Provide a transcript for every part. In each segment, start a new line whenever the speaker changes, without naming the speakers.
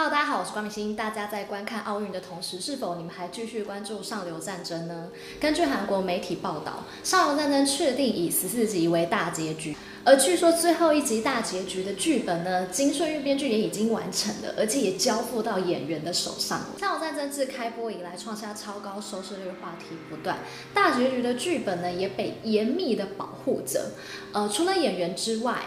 Hello，大家好，我是官品心。大家在觀看奧運的同時，是否你們還繼續關注《上流戰爭》呢？根據韓國媒體報道，《上流戰爭》確定以十四集為大結局，而據說最後一集大結局的劇本呢，金順玉編劇也已經完成了，而且也交付到演員的手上了。《上流戰爭》自開播以來，創下超高收視率，話題不斷。大結局的劇本呢，也被嚴密的保護着。呃，除了演員之外。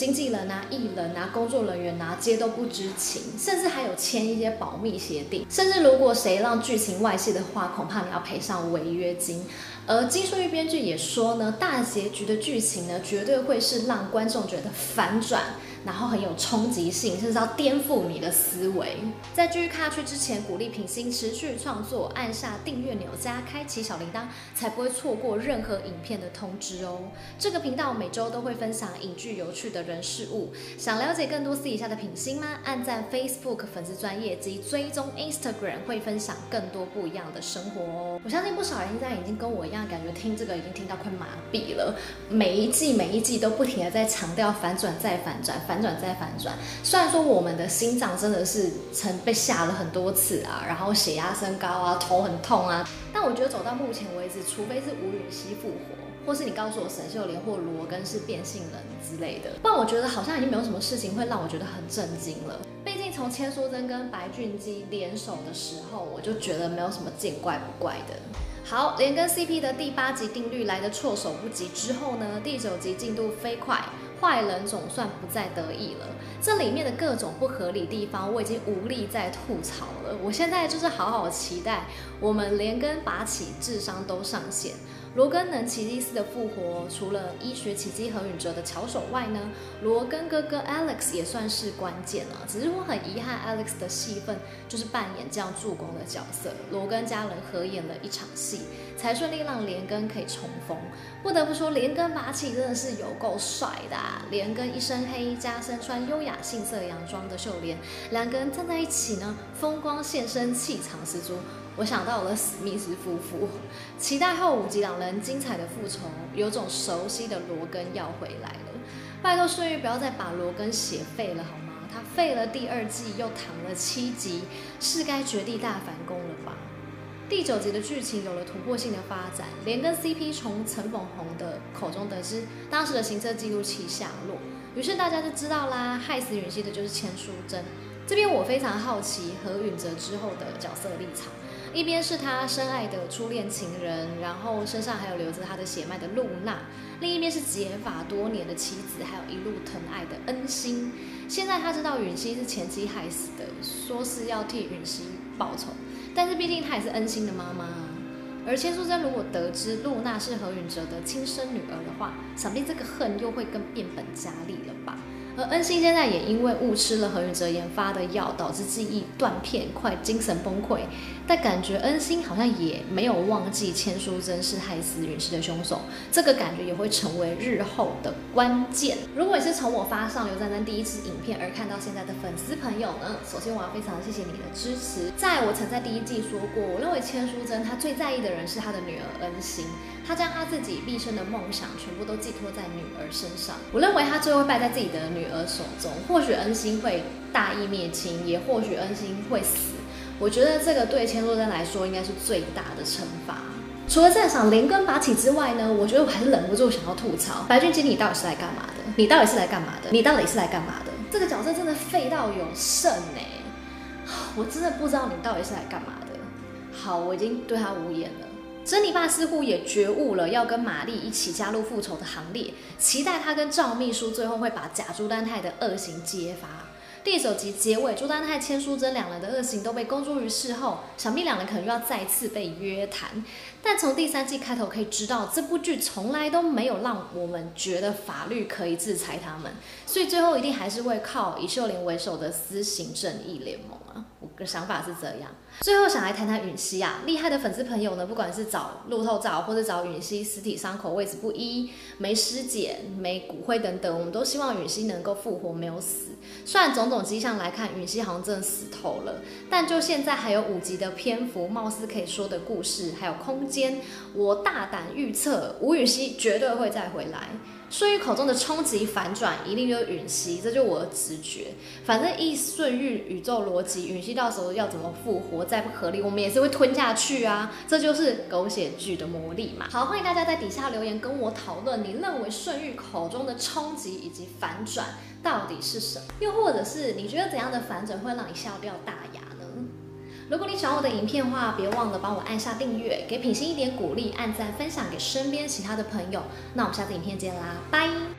經紀人啊，藝人啊，工作人員啊，皆都不知情，甚至還有簽一些保密協定，甚至如果誰讓劇情外泄的話，恐怕你要賠上違約金。而金順玉編劇也說呢，大結局的劇情呢，絕對會是讓觀眾覺得反轉，然後很有衝擊性，甚至要顛覆你的思維。在繼續看下去之前，鼓勵品心持續創作，按下訂閱鈕加開啟小鈴鐺，才不會錯過任何影片的通知哦。這個頻道每週都會分享影劇有趣的人事物。想了解更多私底下的品心嗎？按讚 Facebook 粉絲專頁及追蹤 Instagram，會分享更多不一樣的生活哦。我相信不少人現在已經跟我一樣，感覺聽這個已經聽到快麻痹了。每一季每一季都不停地在強調反轉再反轉。反轉再反轉，雖然說我們的心臟真的是曾被嚇了很多次啊，然後血壓升高啊，頭很痛啊，但我覺得走到目前為止，除非是吳允熙復活，或是你告訴我沈秀蓮或羅根是變性人之類的，不然我覺得好像已經沒有什麼事情會讓我覺得很震驚了。畢竟從千書珍跟白俊基聯手的時候，我就覺得沒有什麼見怪不怪的。好，蓮根 CP 的第八集定律來得措手不及之後呢，第九集進度飛快，壞人總算不再得意了。這裡面的各種不合理地方我已經無力再吐槽了。我現在就是好好期待我們連根拔起智商都上線。羅根能奇跡似的復活，除了醫學奇跡和允哲的巧手外呢，羅根哥哥 Alex 也算是關鍵了啊。只是我很遺憾 Alex 的戲份就是扮演這樣助攻的角色。羅根家人合演了一場戲。才順利讓連根可以重逢，不得不說，連根拔起真的是有夠帥的啊。連根一身黑，加身穿優雅杏色洋裝的秀蓮，兩個人站在一起呢，風光現身，氣場十足。我想到了史密斯夫婦，期待後五集兩人精彩的復仇，有種熟悉的羅根要回來了。拜託歲月不要再把羅根寫廢了好嗎？他廢了第二季，又躺了七集，是該絕地大反攻了吧？第九集的劇情有了突破性的發展，連根 CP 從陳鳳紅的口中得知當時的行車記錄器下落，於是大家就知道啦，害死允熙的就是千書珍。這邊我非常好奇何允哲之後的角色的立場，一邊是他深愛的初戀情人，然後身上還有留着他的血脈的露娜，另一邊是結髮多年的妻子，還有一路疼愛的恩星。現在他知道允熙是前妻害死的，說是要替允熙報仇。但是畢竟她也是恩星的媽媽，而千瑞珍如果得知露娜是河允哲的親生女兒的話，想必這個恨又會更變本加厲了吧。而恩星現在也因為誤吃了河允哲研發的藥，導致記憶斷片，快精神崩潰。但感覺恩星好像也沒有忘記千瑞真是害死允熙的凶手，這個感覺也會成為日後的關鍵。如果你是從我發上流戰爭第一支影片而看到現在的粉絲朋友呢？首先，我要非常謝謝你的支持。在我曾在第一季說過，我認為千瑞真她最在意的人是她的女兒恩星，她將她自己畢生的夢想全部都寄托在女兒身上。我認為她最後會敗在自己的女。女兒手中，或許恩心會大義滅親，也或許恩心會死。我覺得這個對千若真來說應該是最大的懲罰。除了在想連根拔起之外呢，我覺得我還是忍不住想要吐槽：白俊基你到底是來幹嘛的？你到底是來幹嘛的？你到底是來幹嘛的？這個角色真的廢到有剩呢、欸。我真的不知道你到底是來幹嘛的。好，我已經對他無言了。珍妮爸似乎也覺悟了，要跟瑪麗一起加入復仇的行列，期待他跟趙秘書最後會把假朱丹泰的惡行揭發。第九集結尾，朱丹泰、千書珍兩人的惡行都被公諸於世後，想必兩人可能又要再次被約談。但從第三季開頭可以知道，這部劇從來都沒有讓我們覺得法律可以制裁他們，所以最後一定還是會靠以秀玲為首的私刑正義聯盟啊。的想法是這樣，最後想來談談允熙啊，厲害的粉絲朋友呢，不管是找路透照，或是找允熙屍體傷口位置不一，沒屍檢，沒骨灰等等，我們都希望允熙能夠復活，沒有死。雖然種種跡象來看，允熙好像真的死透了，但就現在還有五集的篇幅，貌似可以說的故事還有空間，我大膽預測，吳允熙絕對會再回來。順玉口中的衝擊反轉一定有允熙，這就是我的直覺。反正一順玉宇宙邏輯，允熙到時候要怎麼復活再不合理，我們也是會吞下去啊！這就是狗血劇的魔力嘛。好，歡迎大家在底下留言跟我討論，你認為順玉口中的衝擊以及反轉到底是什麼？又或者是你覺得怎樣的反轉會讓你笑掉大牙呢？如果你喜歡我的影片的話，別忘了幫我按下訂閱，給品心一點鼓勵，按讚分享給身邊其他的朋友。那我們下次影片見啦，拜。